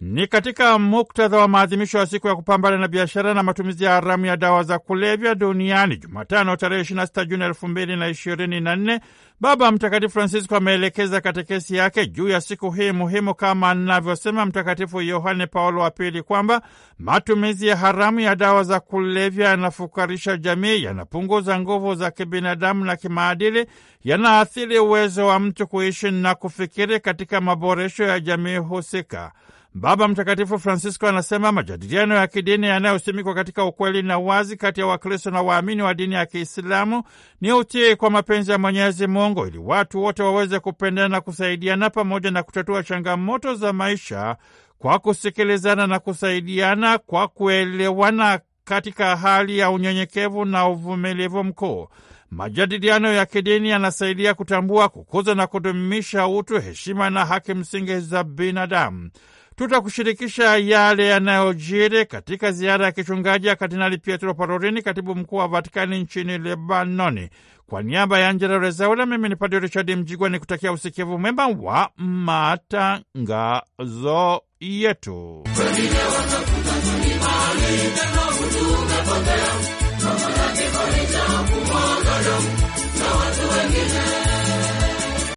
Ni katika muktadha wa maadhimisho ya siku ya kupambana na biashara na matumizi ya haramu ya dawa za kulevya duniani, Jumatano tarehe 26 Juni 2024, Baba Mtakatifu Francisco ameelekeza katekesi yake juu ya siku hii muhimu, kama anavyosema Mtakatifu Yohane Paulo wa Pili kwamba matumizi ya haramu ya dawa za kulevya yanafukarisha jamii, yanapunguza nguvu za kibinadamu na kimaadili, yanaathiri uwezo wa mtu kuishi na kufikiri katika maboresho ya jamii husika. Baba Mtakatifu Francisco anasema majadiliano ya kidini yanayosimikwa katika ukweli na wazi kati ya Wakristo na waamini wa dini ya Kiislamu ni utii kwa mapenzi ya Mwenyezi Mungu ili watu wote waweze kupendana na kusaidiana pamoja na kutatua changamoto za maisha kwa kusikilizana na kusaidiana kwa kuelewana katika hali ya unyenyekevu na uvumilivu mkuu. Majadiliano ya kidini yanasaidia kutambua, kukuza na kudumisha utu, heshima na haki msingi za binadamu tutakushirikisha yale yanayojiri katika ziara ya kichungaji ya Kardinali Pietro Parolini, katibu mkuu wa Vatikani nchini Lebanoni. Kwa niaba ya Angela Rezaula, mimi ni Padre Richard Mjigwa ni kutakia usikivu mwema wa matangazo yetu.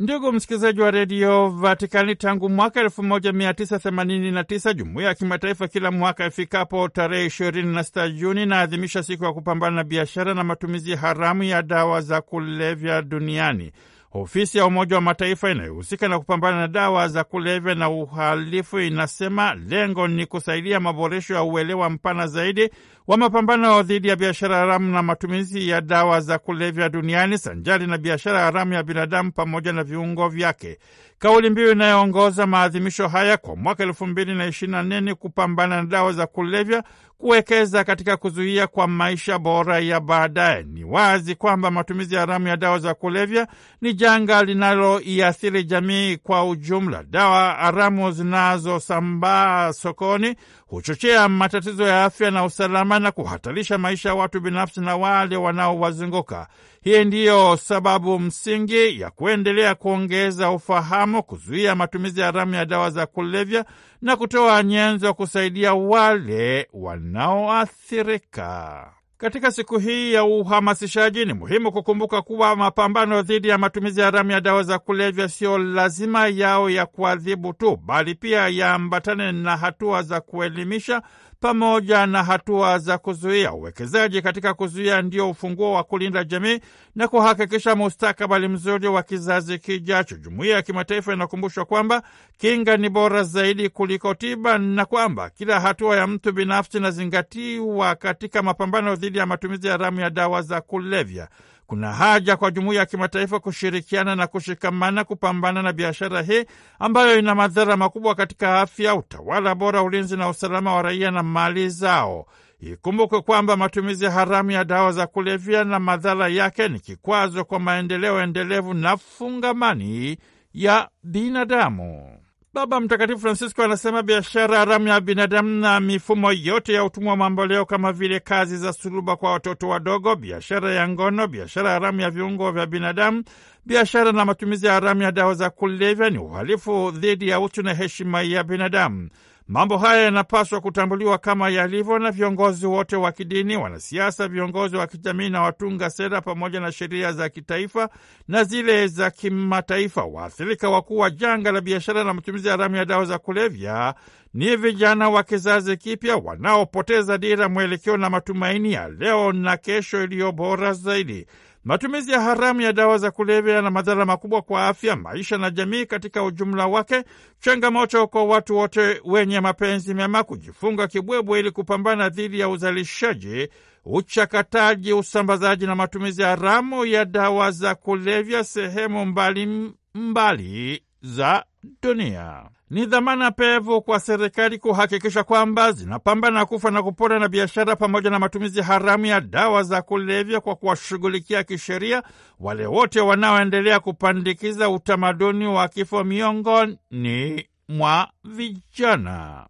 Ndugu msikilizaji wa redio Vatikani, tangu mwaka 1989 jumuiya ya kimataifa kila mwaka ifikapo tarehe 26 Juni inaadhimisha siku ya kupambana na biashara na matumizi haramu ya dawa za kulevya duniani. Ofisi ya Umoja wa Mataifa inayohusika na kupambana na dawa za kulevya na uhalifu inasema lengo ni kusaidia maboresho ya uelewa mpana zaidi wa mapambano dhidi ya biashara haramu na matumizi ya dawa za kulevya duniani sanjari na biashara haramu ya binadamu pamoja na viungo vyake. Kauli mbiu inayoongoza maadhimisho haya kwa mwaka elfu mbili na ishirini na nne ni kupambana na dawa za kulevya, kuwekeza katika kuzuia kwa maisha bora ya baadaye. Ni wazi kwamba matumizi haramu ya dawa za kulevya ni janga linaloiathiri jamii kwa ujumla. Dawa haramu zinazosambaa sokoni huchochea matatizo ya afya na usalama na kuhatarisha maisha ya watu binafsi na wale wanaowazunguka. Hii ndiyo sababu msingi ya kuendelea kuongeza ufahamu, kuzuia matumizi haramu ya dawa za kulevya na kutoa nyenzo kusaidia wale wanaoathirika. Katika siku hii ya uhamasishaji ni muhimu kukumbuka kuwa mapambano dhidi ya matumizi haramu ya dawa za kulevya siyo lazima yao ya kuadhibu tu, bali pia yaambatane na hatua za kuelimisha pamoja na hatua za kuzuia. Uwekezaji katika kuzuia ndio ufunguo wa kulinda jamii na kuhakikisha mustakabali mzuri wa kizazi kijacho. Jumuiya ya kimataifa inakumbushwa kwamba kinga ni bora zaidi kuliko tiba na kwamba kila hatua ya mtu binafsi inazingatiwa katika mapambano dhidi ya matumizi haramu ya dawa za kulevya. Kuna haja kwa jumuiya ya kimataifa kushirikiana na kushikamana kupambana na biashara hii ambayo ina madhara makubwa katika afya, utawala bora, ulinzi na usalama wa raia na mali zao. Ikumbukwe kwamba matumizi haramu ya dawa za kulevya na madhara yake ni kikwazo kwa maendeleo endelevu na fungamani ya binadamu. Baba Mtakatifu Francisco anasema biashara haramu ya binadamu na mifumo yote ya utumwa mamboleo kama vile kazi za suluba kwa watoto wadogo, biashara ya ngono, biashara haramu ya viungo vya binadamu, biashara na matumizi ya haramu ya dawa za kulevya ni uhalifu dhidi ya utu na heshima ya binadamu. Mambo haya yanapaswa kutambuliwa kama yalivyo na viongozi wote wa kidini, wanasiasa, viongozi wa kijamii na watunga sera, pamoja na sheria za kitaifa na zile za kimataifa. Waathirika wakuu wa janga la biashara na matumizi haramu ya dawa za kulevya ni vijana wa kizazi kipya wanaopoteza dira, mwelekeo na matumaini ya leo na kesho iliyo bora zaidi. Matumizi ya haramu ya dawa za kulevya yana madhara makubwa kwa afya, maisha na jamii katika ujumla wake. Changamoto kwa watu wote wenye mapenzi mema kujifunga kibwebwe ili kupambana dhidi ya uzalishaji, uchakataji, usambazaji na matumizi haramu ya dawa za kulevya sehemu mbalimbali mbali za dunia. Ni dhamana pevu kwa serikali kuhakikisha kwamba zinapambana kufa na kupona na biashara pamoja na matumizi haramu ya dawa za kulevya kwa kuwashughulikia kisheria wale wote wanaoendelea kupandikiza utamaduni wa kifo miongoni mwa vijana.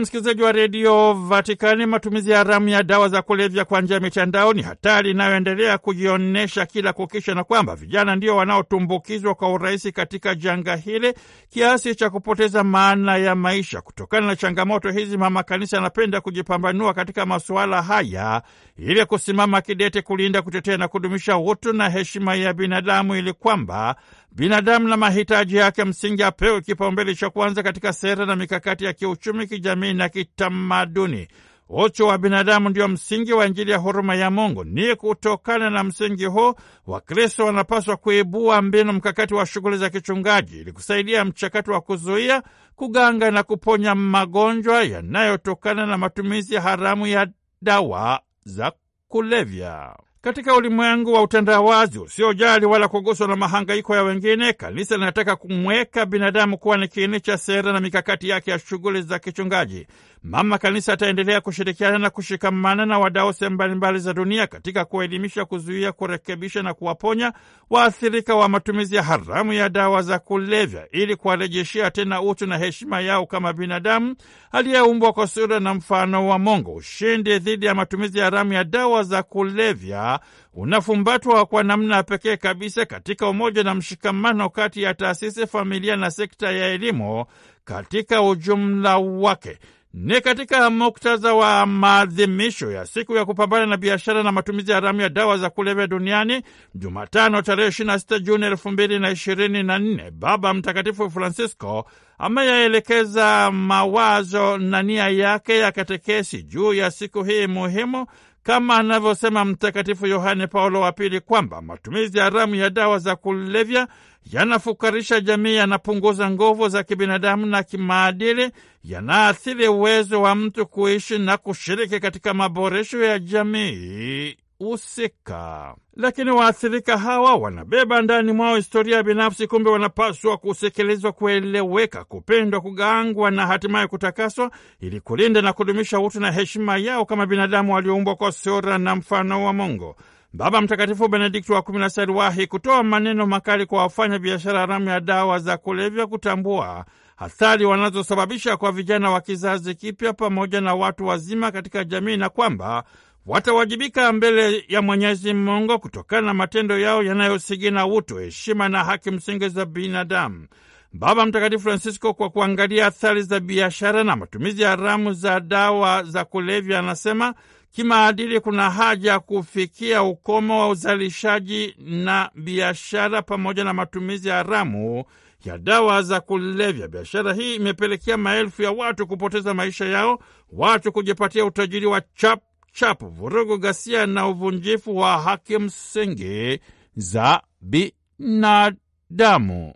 msikilizaji wa redio Vatikani, matumizi haramu ya dawa za kulevya kwa njia ya mitandao ni hatari inayoendelea kujionyesha kila kukicha, na kwamba vijana ndio wanaotumbukizwa kwa urahisi katika janga hili kiasi cha kupoteza maana ya maisha. Kutokana na changamoto hizi, Mama Kanisa anapenda kujipambanua katika masuala haya ili kusimama kidete kulinda, kutetea na kudumisha utu na heshima ya binadamu ili kwamba binadamu na mahitaji yake msingi apewe kipaumbele cha kwanza katika sera na mikakati ya kiuchumi, kijamii na kitamaduni. ucho wa binadamu ndio msingi wa Injili ya huruma ya Mungu. Ni kutokana na msingi huu, Wakristo wanapaswa kuibua mbinu mkakati wa shughuli za kichungaji ili kusaidia mchakato wa kuzuia, kuganga na kuponya magonjwa yanayotokana na matumizi haramu ya dawa za kulevya. Katika ulimwengu wa utandawazi usiojali wala kuguswa na mahangaiko ya wengine, kanisa linataka kumweka binadamu kuwa ni kiini cha sera na mikakati yake ya shughuli za kichungaji. Mama Kanisa ataendelea kushirikiana na kushikamana na wadau sehemu mbalimbali za dunia katika kuwaelimisha, kuzuia, kurekebisha na kuwaponya waathirika wa matumizi ya haramu ya dawa za kulevya ili kuwarejeshea tena utu na heshima yao kama binadamu aliyeumbwa kwa sura na mfano wa Mungu. Ushindi dhidi ya matumizi ya haramu ya dawa za kulevya unafumbatwa kwa namna pekee kabisa katika umoja na mshikamano kati ya taasisi, familia na sekta ya elimu katika ujumla wake. Ni katika muktadha wa maadhimisho ya siku ya kupambana na biashara na matumizi haramu ya dawa za kulevya duniani Jumatano tarehe 26 Juni 2024, Baba Mtakatifu Francisco ameyaelekeza mawazo na nia yake ya katekesi juu ya siku hii muhimu kama anavyosema Mtakatifu Yohane Paulo wa Pili kwamba matumizi haramu ya dawa za kulevya yanafukarisha jamii, yanapunguza nguvu za kibinadamu na kimaadili, yanaathiri uwezo wa mtu kuishi na kushiriki katika maboresho ya jamii husika. Lakini waathirika hawa wanabeba ndani mwao historia binafsi, kumbe wanapaswa kusekelezwa, kueleweka, kupendwa, kugangwa na hatimaye kutakaswa, ili kulinda na kudumisha utu na heshima yao kama binadamu walioumbwa kwa sura na mfano wa Mungu. Baba Mtakatifu Benedikto wa kumi na sita aliwahi kutoa maneno makali kwa wafanya biashara haramu ya dawa za kulevya kutambua athari wanazosababisha kwa vijana wa kizazi kipya pamoja na watu wazima katika jamii na kwamba watawajibika mbele ya Mwenyezi Mungu kutokana na matendo yao yanayosigina utu, heshima na haki msingi za binadamu. Baba Mtakatifu Francisco, kwa kuangalia athari za biashara na matumizi haramu za dawa za kulevya, anasema kimaadili kuna haja ya kufikia ukomo wa uzalishaji na biashara pamoja na matumizi haramu ya dawa za kulevya. Biashara hii imepelekea maelfu ya watu kupoteza maisha yao, watu kujipatia utajiri wa chap chapu, vurugu, ghasia na uvunjifu wa haki msingi za binadamu.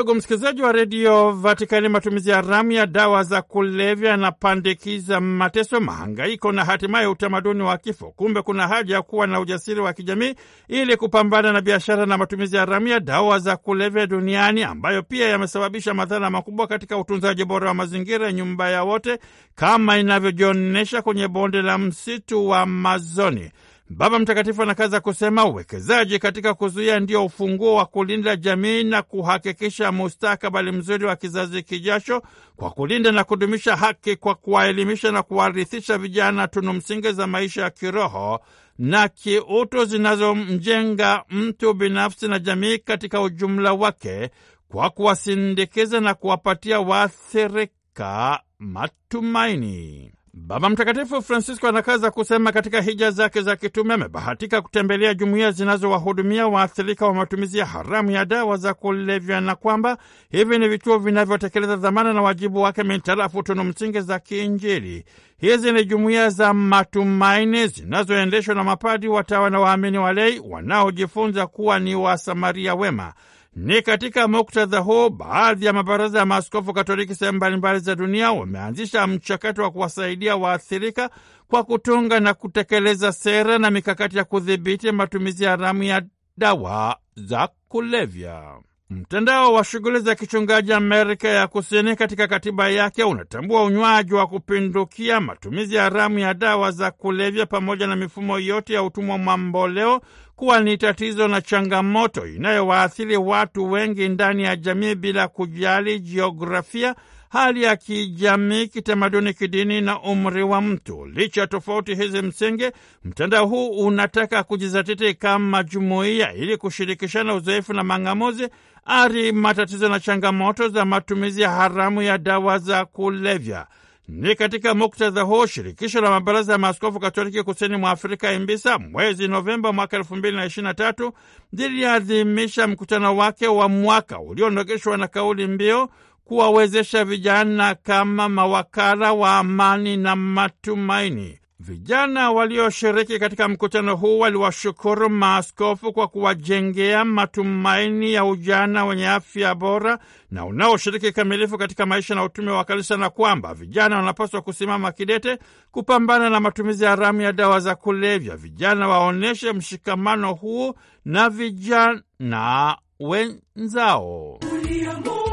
Ndugu msikilizaji wa redio Vatikani, matumizi haramu ya dawa za kulevya yanapandikiza mateso, mahangaiko na hatimaye utamaduni wa kifo. Kumbe kuna haja ya kuwa na ujasiri wa kijamii ili kupambana na biashara na matumizi haramu ya dawa za kulevya duniani, ambayo pia yamesababisha madhara makubwa katika utunzaji bora wa mazingira, nyumba ya wote, kama inavyojionyesha kwenye bonde la msitu wa Amazoni. Baba Mtakatifu anakaza kusema uwekezaji katika kuzuia ndio ufunguo wa kulinda jamii na kuhakikisha mustakabali mzuri wa kizazi kijacho, kwa kulinda na kudumisha haki, kwa kuwaelimisha na kuwarithisha vijana tunu msingi za maisha ya kiroho na kiutu zinazomjenga mtu binafsi na jamii katika ujumla wake, kwa kuwasindikiza na kuwapatia waathirika matumaini. Baba Mtakatifu Francisco anakaza kusema katika hija zake za kitume amebahatika kutembelea jumuiya zinazowahudumia waathirika wa matumizi ya haramu ya dawa za kulevya na kwamba hivi ni vituo vinavyotekeleza dhamana na wajibu wake mintarafu tunu msingi za kiinjili. Hizi ni jumuiya za matumaini zinazoendeshwa na mapadi, watawa na waamini walei wanaojifunza kuwa ni Wasamaria wema. Ni katika muktadha huu baadhi ya mabaraza ya maaskofu Katoliki sehemu mbalimbali za dunia wameanzisha mchakato wa kuwasaidia waathirika kwa kutunga na kutekeleza sera na mikakati ya kudhibiti matumizi haramu ya dawa za kulevya. Mtandao wa shughuli za kichungaji Amerika ya Kusini katika katiba yake unatambua unywaji wa kupindukia, matumizi haramu ya dawa za kulevya, pamoja na mifumo yote ya utumwa mamboleo kuwa ni tatizo na changamoto inayowaathiri watu wengi ndani ya jamii bila kujali jiografia, hali ya kijamii, kitamaduni, kidini na umri wa mtu. Licha ya tofauti hizi msingi, mtandao huu unataka kujizatiti kama jumuiya ili kushirikishana uzoefu na mang'amuzi ari matatizo na changamoto za matumizi ya haramu ya dawa za kulevya. Ni katika muktadha huo shirikisho la mabaraza ya maaskofu katoliki kusini mwa Afrika, IMBISA, mwezi Novemba mwaka elfu mbili na ishirini na tatu liliadhimisha mkutano wake wa mwaka ulionogeshwa na kauli mbiu kuwawezesha vijana kama mawakala wa amani na matumaini. Vijana walioshiriki katika mkutano huu waliwashukuru maaskofu kwa kuwajengea matumaini ya ujana wenye afya bora na unaoshiriki kamilifu katika maisha na utume wa kanisa, na kwamba vijana wanapaswa kusimama kidete kupambana na matumizi haramu ya dawa za kulevya. Vijana waonyeshe mshikamano huu na vijana wenzao Uliyamu.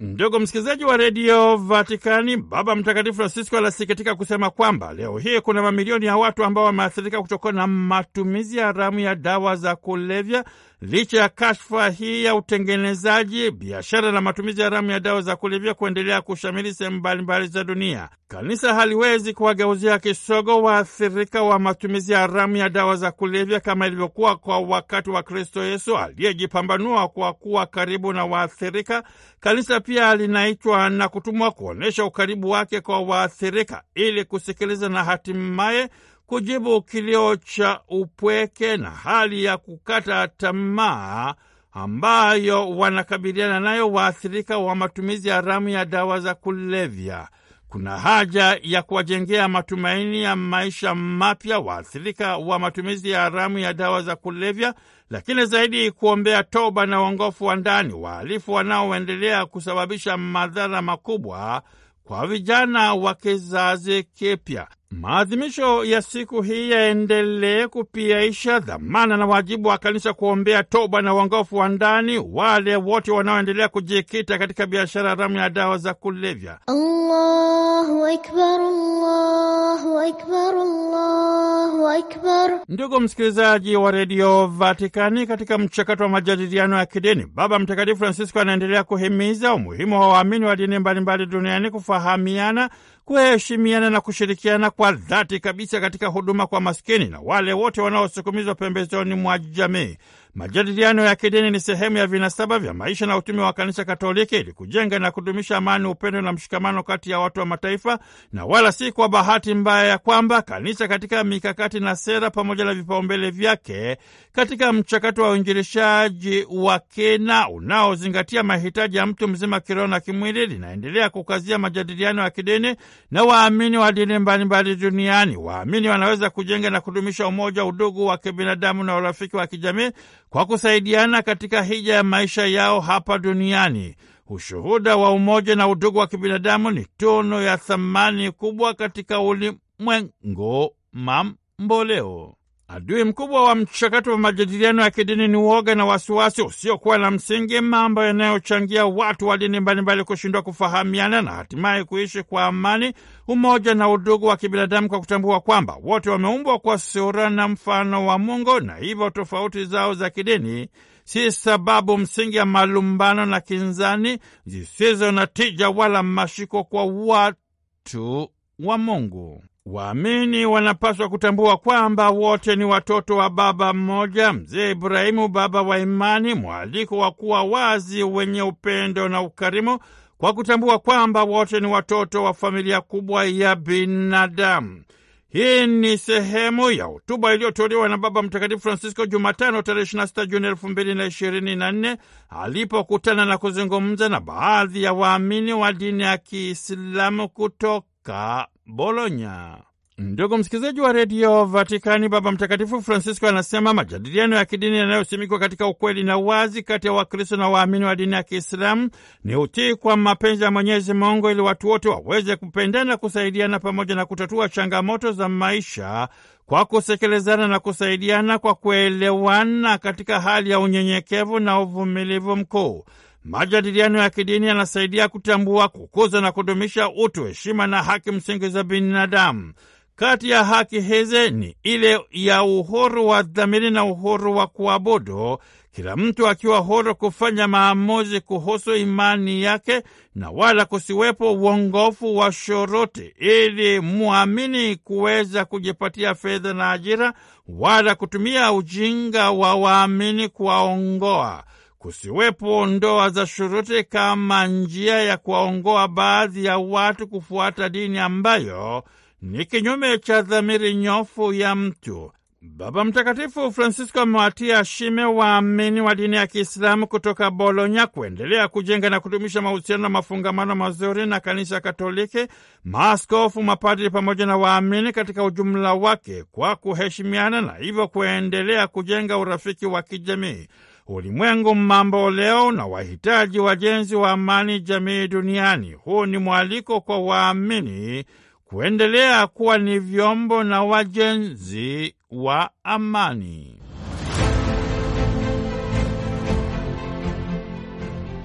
Ndugu msikilizaji wa redio Vatikani, Baba Mtakatifu Francisco alasikitika kusema kwamba leo hii kuna mamilioni ya watu ambao wameathirika kutokana na matumizi haramu ya dawa za kulevya Licha ya kashfa hii ya utengenezaji, biashara na matumizi haramu ya dawa za kulevya kuendelea kushamiri sehemu mbalimbali za dunia, kanisa haliwezi kuwageuzia kisogo waathirika wa matumizi haramu ya dawa za kulevya kama ilivyokuwa kwa wakati wa Kristo Yesu aliyejipambanua kwa kuwa karibu na waathirika. Kanisa pia linaitwa na kutumwa kuonyesha ukaribu wake kwa waathirika ili kusikiliza na hatimaye kujibu kilio cha upweke na hali ya kukata tamaa ambayo wanakabiliana nayo waathirika wa matumizi haramu ya dawa za kulevya. Kuna haja ya kuwajengea matumaini ya maisha mapya waathirika wa matumizi ya haramu ya dawa za kulevya, lakini zaidi kuombea toba na uongofu wa ndani wahalifu wanaoendelea kusababisha madhara makubwa kwa vijana wa kizazi kipya. Maadhimisho ya siku hii yaendelee kupiaisha dhamana na wajibu wa kanisa kuombea toba na uongofu wa ndani wale wote wanaoendelea kujikita katika biashara haramu ya dawa za kulevya. Allahu akbar, Allahu akbar, Allahu akbar. Ndugu msikilizaji wa redio Vatikani, katika mchakato wa majadiliano ya kidini, Baba Mtakatifu Francisco anaendelea kuhimiza umuhimu wa waamini wa dini mbalimbali duniani kufahamiana kuheshimiana na kushirikiana kwa dhati kabisa katika huduma kwa maskini na wale wote wanaosukumizwa pembezoni mwa jamii. Majadiliano ya kidini ni sehemu ya vinasaba vya maisha na utume wa Kanisa Katoliki ili kujenga na kudumisha amani, upendo na mshikamano kati ya watu wa mataifa, na wala si kwa bahati mbaya ya kwamba kanisa katika mikakati na sera pamoja na vipaumbele vyake katika mchakato wa uinjilishaji wa kina unaozingatia mahitaji ya mtu mzima kiroho na kimwili, linaendelea kukazia majadiliano ya kidini na waamini wa dini mbalimbali duniani. Waamini wanaweza kujenga na kudumisha umoja, udugu wa kibinadamu na urafiki wa kijamii kwa kusaidiana katika hija ya maisha yao hapa duniani. Ushuhuda wa umoja na udugu wa kibinadamu ni tunu ya thamani kubwa katika ulimwengu mamboleo. Adui mkubwa wa mchakato wa majadiliano ya kidini ni uoga na wasiwasi usiokuwa na msingi, mambo yanayochangia watu wa dini mbalimbali kushindwa kufahamiana na hatimaye kuishi kwa amani, umoja na udugu wa kibinadamu, kwa kutambua kwamba wote wameumbwa kwa sura na mfano wa Mungu na hivyo tofauti zao za kidini si sababu msingi ya malumbano na kinzani zisizo na tija wala mashiko kwa watu wa Mungu. Waamini wanapaswa kutambua kwamba wote ni watoto wa baba mmoja, Mzee Ibrahimu, baba wa imani, mwaliko wa kuwa wazi, wenye upendo na ukarimu, kwa kutambua kwamba wote ni watoto wa familia kubwa ya binadamu. Hii ni sehemu ya hotuba iliyotolewa na Baba Mtakatifu Francisco Jumatano tarehe 26 Juni 2024 alipokutana na kuzungumza na baadhi ya waamini wa dini ya Kiislamu kutoka Bologna. Ndugu msikilizaji wa redio Vatikani, Baba Mtakatifu Francisco anasema majadiliano ya kidini yanayosimikwa katika ukweli na wazi kati ya Wakristo na waamini wa dini ya Kiislamu ni utii kwa mapenzi ya Mwenyezi Mungu ili watu wote waweze kupendana, kusaidiana pamoja na kutatua changamoto za maisha kwa kusekelezana na kusaidiana kwa kuelewana katika hali ya unyenyekevu na uvumilivu mkuu. Majadiliano ya kidini yanasaidia kutambua, kukuza na kudumisha utu, heshima na haki msingi za binadamu. Kati ya haki hizi ni ile ya uhuru wa dhamiri na uhuru wa kuabudu, kila mtu akiwa huru kufanya maamuzi kuhusu imani yake na wala kusiwepo uongofu wa shuruti, ili mwamini kuweza kujipatia fedha na ajira, wala kutumia ujinga wa waamini kuwaongoa kusiwepo ndoa za shuruti kama njia ya kuwaongoa baadhi ya watu kufuata dini ambayo ni kinyume cha dhamiri nyofu ya mtu. Baba Mtakatifu Francisco amewatia shime waamini wa dini ya Kiislamu kutoka Bolonya kuendelea kujenga na kudumisha mahusiano na mafungamano mazuri na Kanisa Katoliki, maaskofu, mapadri pamoja na waamini katika ujumla wake, kwa kuheshimiana na hivyo kuendelea kujenga urafiki wa kijamii. Ulimwengu mambo leo na wahitaji wajenzi wa amani jamii duniani. Huu ni mwaliko kwa waamini kuendelea kuwa ni vyombo na wajenzi wa amani.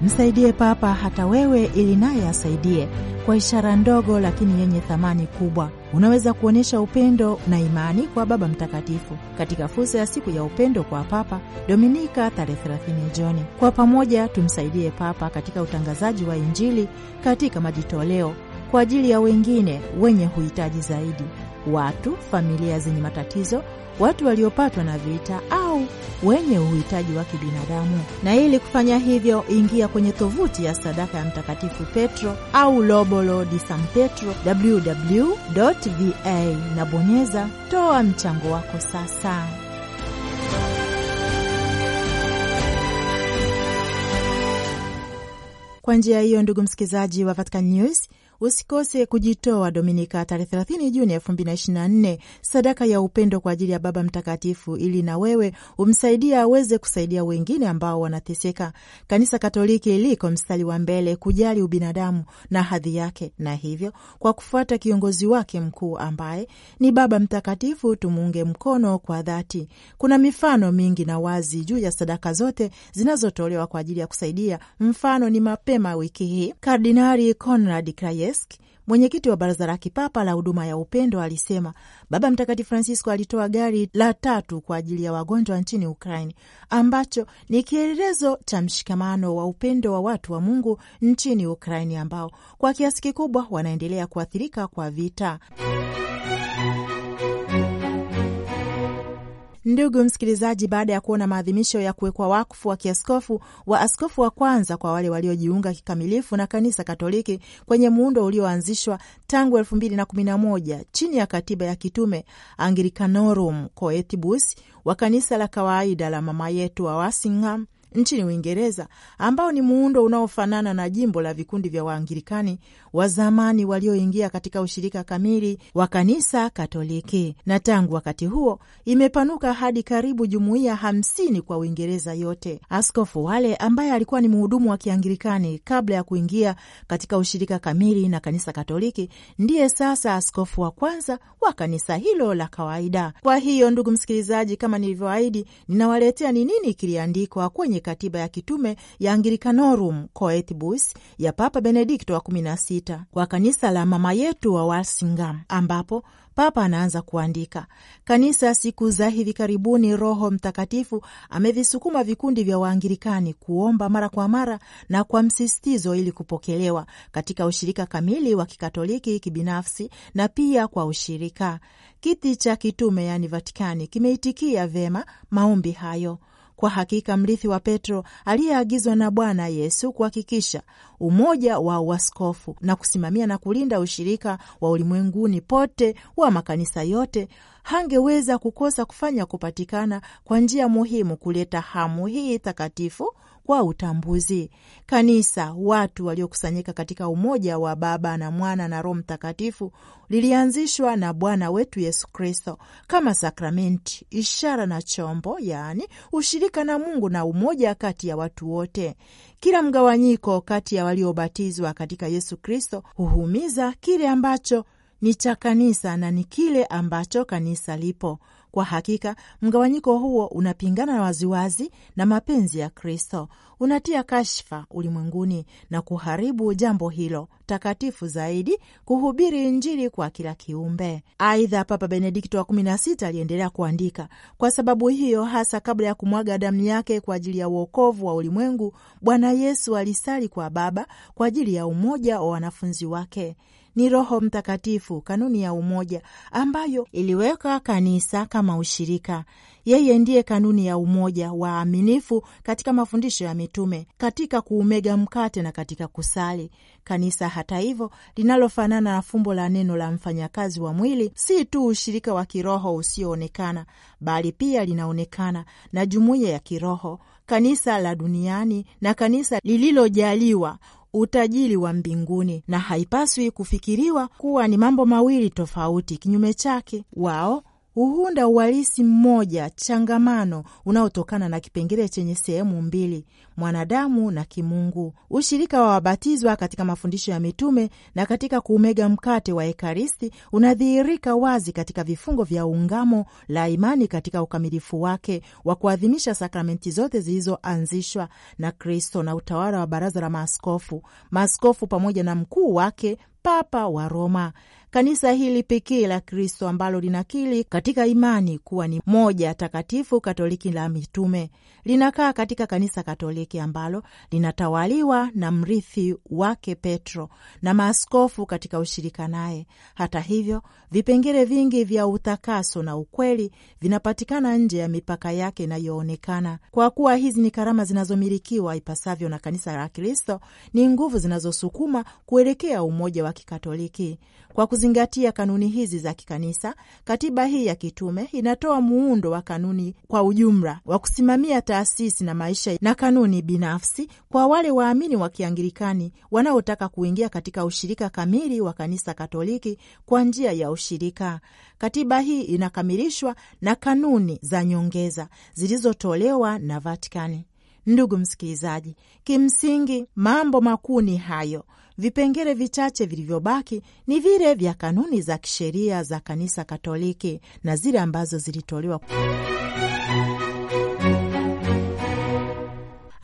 Msaidie Papa hata wewe, ili naye asaidie, kwa ishara ndogo lakini yenye thamani kubwa. Unaweza kuonyesha upendo na imani kwa Baba Mtakatifu katika fursa ya siku ya upendo kwa Papa, Dominika tarehe 30 Juni. Kwa pamoja tumsaidie Papa katika utangazaji wa Injili, katika majitoleo kwa ajili ya wengine wenye uhitaji zaidi, watu, familia zenye matatizo watu waliopatwa na vita au wenye uhitaji wa kibinadamu. Na ili kufanya hivyo, ingia kwenye tovuti ya sadaka ya Mtakatifu Petro au Lobolo di San Petro www.va na bonyeza toa mchango wako sasa. Kwa njia hiyo, ndugu msikilizaji wa Vatican News Usikose kujitoa Dominika tarehe 30 Juni 2024 sadaka ya upendo kwa ajili ya Baba Mtakatifu, ili na wewe umsaidia aweze kusaidia wengine ambao wanateseka. Kanisa Katoliki liko mstari wa mbele kujali ubinadamu na hadhi yake, na hivyo kwa kufuata kiongozi wake mkuu ambaye ni Baba Mtakatifu, tumuunge mkono kwa dhati. Kuna mifano mingi na wazi juu ya sadaka zote zinazotolewa kwa ajili ya kusaidia. Mfano ni mapema wiki hii Kardinali Conrad Krajewski Francesc, mwenyekiti wa baraza la kipapa la huduma ya upendo, alisema Baba Mtakatifu Francisco alitoa gari la tatu kwa ajili ya wagonjwa nchini ukraini ambacho ni kielelezo cha mshikamano wa upendo wa watu wa Mungu nchini ukraini ambao kwa kiasi kikubwa wanaendelea kuathirika kwa vita Ndugu msikilizaji, baada ya kuona maadhimisho ya kuwekwa wakfu wa kiaskofu wa askofu wa kwanza kwa wale waliojiunga kikamilifu na kanisa Katoliki kwenye muundo ulioanzishwa tangu elfu mbili na kumi na moja chini ya katiba ya kitume Anglicanorum Coetibus wa kanisa la kawaida la mama yetu wa Wasingham nchini Uingereza, ambao ni muundo unaofanana na jimbo la vikundi vya Waangirikani wa zamani walioingia katika ushirika kamili wa kanisa Katoliki, na tangu wakati huo imepanuka hadi karibu jumuiya hamsini kwa Uingereza yote. Askofu Wale ambaye alikuwa ni mhudumu wa Kianglikani kabla ya kuingia katika ushirika kamili na kanisa Katoliki ndiye sasa askofu wa kwanza wa kanisa hilo la kawaida. Kwa hiyo, ndugu msikilizaji, kama nilivyoahidi, ninawaletea ni nini kiliandikwa kwenye katiba ya kitume ya Anglicanorum Coetibus ya Papa Benedikto wa kumi na sita 1996 kwa kanisa la mama yetu wa Walsingham, ambapo Papa anaanza kuandika: kanisa siku za hivi karibuni, Roho Mtakatifu amevisukuma vikundi vya waangirikani kuomba mara kwa mara na kwa msisitizo, ili kupokelewa katika ushirika kamili wa Kikatoliki kibinafsi na pia kwa ushirika. Kiti cha kitume, yaani Vatikani, kimeitikia vema maombi hayo. Kwa hakika mrithi wa Petro aliyeagizwa na Bwana Yesu kuhakikisha umoja wa uaskofu na kusimamia na kulinda ushirika wa ulimwenguni pote wa makanisa yote, hangeweza kukosa kufanya kupatikana kwa njia muhimu kuleta hamu hii takatifu kwa utambuzi. Kanisa, watu waliokusanyika katika umoja wa Baba na Mwana na Roho Mtakatifu, lilianzishwa na Bwana wetu Yesu Kristo kama sakramenti, ishara na chombo, yaani ushirika na Mungu na umoja kati ya watu wote. Kila mgawanyiko kati ya waliobatizwa katika Yesu Kristo huhumiza kile ambacho ni cha kanisa na ni kile ambacho kanisa lipo. Kwa hakika mgawanyiko huo unapingana waziwazi na mapenzi ya Kristo, unatia kashfa ulimwenguni na kuharibu jambo hilo takatifu zaidi, kuhubiri Injili kwa kila kiumbe. Aidha, Papa Benedikto wa kumi na sita aliendelea kuandika, kwa sababu hiyo hasa kabla ya kumwaga damu yake kwa ajili ya uokovu wa ulimwengu, Bwana Yesu alisali kwa Baba kwa ajili ya umoja wa wanafunzi wake ni Roho Mtakatifu, kanuni ya umoja ambayo iliweka kanisa kama ushirika. Yeye ndiye kanuni ya umoja waaminifu katika mafundisho ya mitume, katika kuumega mkate na katika kusali. Kanisa hata hivyo, linalofanana na fumbo la neno la mfanyakazi wa mwili, si tu ushirika wa kiroho usioonekana, bali pia linaonekana na jumuiya ya kiroho, kanisa la duniani na kanisa lililojaliwa utajiri wa mbinguni, na haipaswi kufikiriwa kuwa ni mambo mawili tofauti. Kinyume chake, wao huunda uhalisi mmoja changamano unaotokana na kipengele chenye sehemu mbili, mwanadamu na kimungu. Ushirika wa wabatizwa katika mafundisho ya mitume na katika kuumega mkate wa Ekaristi unadhihirika wazi katika vifungo vya ungamo la imani katika ukamilifu wake wa kuadhimisha sakramenti zote zilizoanzishwa na Kristo na utawala wa baraza la maaskofu, maaskofu pamoja na mkuu wake Papa wa Roma Kanisa hili pekee la Kristo ambalo linakili katika imani kuwa ni moja takatifu Katoliki la mitume linakaa katika Kanisa Katoliki ambalo linatawaliwa na mrithi wake Petro na maaskofu katika ushirika naye. Hata hivyo, vipengele vingi vya utakaso na ukweli vinapatikana nje ya mipaka yake inayoonekana. Kwa kuwa hizi ni karama zinazomilikiwa ipasavyo na Kanisa la Kristo, ni nguvu zinazosukuma kuelekea umoja wa Kikatoliki kwa kuzingatia kanuni hizi za kikanisa, katiba hii ya kitume inatoa muundo wa kanuni kwa ujumla wa kusimamia taasisi na maisha na kanuni binafsi kwa wale waamini wa Kianglikani wanaotaka kuingia katika ushirika kamili wa kanisa Katoliki kwa njia ya ushirika. Katiba hii inakamilishwa na kanuni za nyongeza zilizotolewa na Vatikani. Ndugu msikilizaji, kimsingi mambo makuu ni hayo. Vipengele vichache vilivyobaki ni vile vya kanuni za kisheria za Kanisa Katoliki na zile ambazo zilitolewa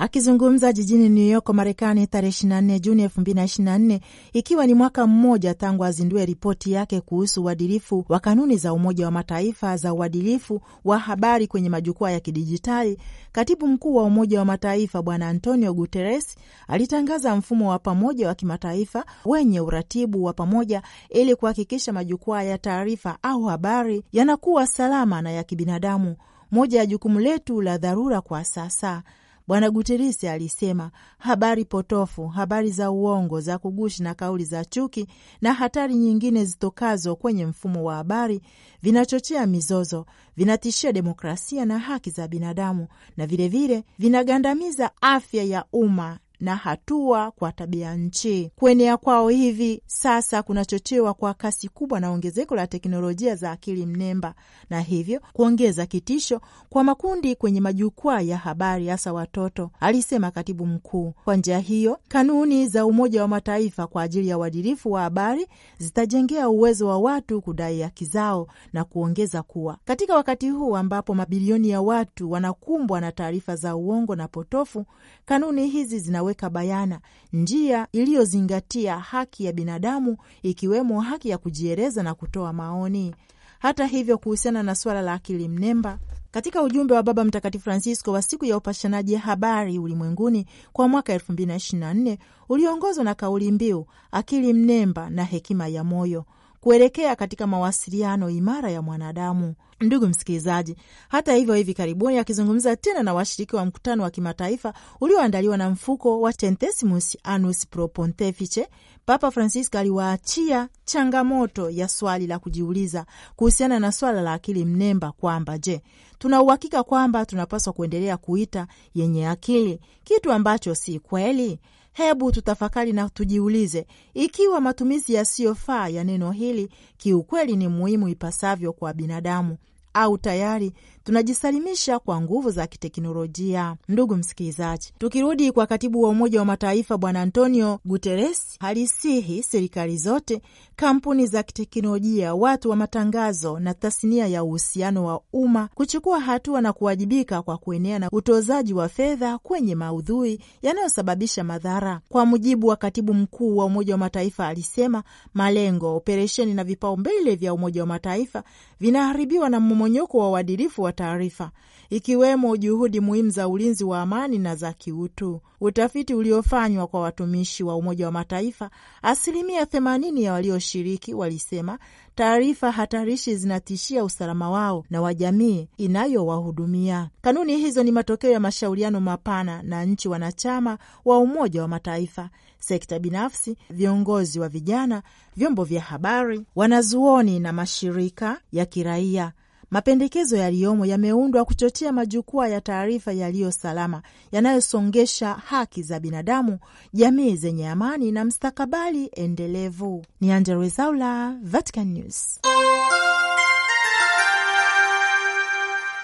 Akizungumza jijini New York, Marekani, tarehe 24 Juni 2024 ikiwa ni mwaka mmoja tangu azindue ripoti yake kuhusu uadilifu wa kanuni za Umoja wa Mataifa za uadilifu wa habari kwenye majukwaa ya kidijitali, katibu mkuu wa Umoja wa Mataifa Bwana Antonio Guterres alitangaza mfumo wa pamoja wa kimataifa wenye uratibu wa pamoja ili kuhakikisha majukwaa ya taarifa au habari yanakuwa salama na ya kibinadamu, moja ya jukumu letu la dharura kwa sasa Bwana Guteresi alisema habari potofu, habari za uongo, za kugushi na kauli za chuki na hatari nyingine zitokazo kwenye mfumo wa habari vinachochea mizozo, vinatishia demokrasia na haki za binadamu, na vilevile vinagandamiza afya ya umma na hatua kwa tabia nchi. Kuenea kwao hivi sasa kunachochewa kwa kasi kubwa na ongezeko la teknolojia za akili mnemba, na hivyo kuongeza kitisho kwa makundi kwenye majukwaa ya habari, hasa watoto, alisema katibu mkuu. Kwa njia hiyo, kanuni za Umoja wa Mataifa kwa ajili ya uadilifu wa habari zitajengea uwezo wa watu kudai haki zao, na kuongeza kuwa katika wakati huu ambapo mabilioni ya watu wanakumbwa na taarifa za uongo na potofu, kanuni hizi zina inaweka bayana njia iliyozingatia haki ya binadamu ikiwemo haki ya kujieleza na kutoa maoni. Hata hivyo, kuhusiana na suala la akili mnemba katika ujumbe wa Baba Mtakatifu Francisco wa siku ya upashanaji habari ulimwenguni kwa mwaka 2024 ulioongozwa na kauli mbiu akili mnemba na hekima ya moyo kuelekea katika mawasiliano imara ya mwanadamu. Ndugu msikilizaji, hata hivyo, hivi karibuni akizungumza tena na washiriki wa mkutano wa kimataifa ulioandaliwa na mfuko wa Centesimus Annus Pro Pontifice, Papa Francisco aliwaachia changamoto ya swali la kujiuliza kuhusiana na swala la akili mnemba kwamba je, tuna uhakika kwamba tunapaswa kuendelea kuita yenye akili kitu ambacho si kweli? Hebu tutafakari na tujiulize ikiwa matumizi yasiyofaa ya neno hili kiukweli ni muhimu ipasavyo kwa binadamu au tayari tunajisalimisha kwa nguvu za kiteknolojia. Ndugu msikilizaji, tukirudi kwa katibu wa Umoja wa Mataifa Bwana Antonio Guterres, halisihi serikali zote, kampuni za kiteknolojia, watu wa matangazo na tasnia ya uhusiano wa umma kuchukua hatua na kuwajibika kwa kuenea na utozaji wa fedha kwenye maudhui yanayosababisha madhara. Kwa mujibu wa katibu mkuu wa Umoja wa Mataifa, alisema malengo, operesheni na vipaumbele vya Umoja wa Mataifa vinaharibiwa na mmomonyoko wa uadilifu wa taarifa, ikiwemo juhudi muhimu za ulinzi wa amani na za kiutu. Utafiti uliofanywa kwa watumishi wa Umoja wa Mataifa, asilimia themanini ya walioshiriki walisema taarifa hatarishi zinatishia usalama wao na wa jamii inayowahudumia. Kanuni hizo ni matokeo ya mashauriano mapana na nchi wanachama wa Umoja wa Mataifa, sekta binafsi, viongozi wa vijana, vyombo vya habari, wanazuoni na mashirika ya kiraia. Mapendekezo yaliyomo yameundwa kuchochea majukwaa ya taarifa yaliyo salama yanayosongesha haki za binadamu, jamii zenye amani na mstakabali endelevu. Ni Angella Rwezaula, Vatican News.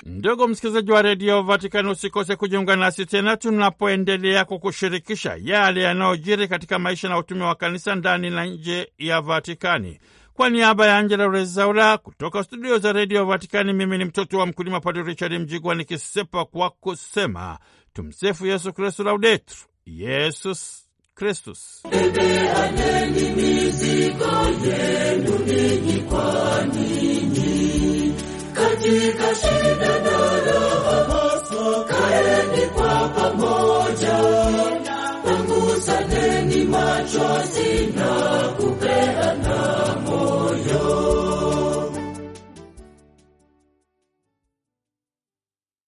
Ndugu msikilizaji wa redio Vatikani, usikose kujiunga nasi tena tunapoendelea kukushirikisha yale yanayojiri katika maisha na utume wa kanisa ndani na nje ya Vatikani. Kwa niaba ya Angela Rezaula kutoka studio za redio Vatikani, mimi ni mtoto wa mkulima Padre Richard Mjigwa nikisepa kwa kusema tumsefu Yesu Kristu, laudetur Yesus Kristus. kupeana moyo.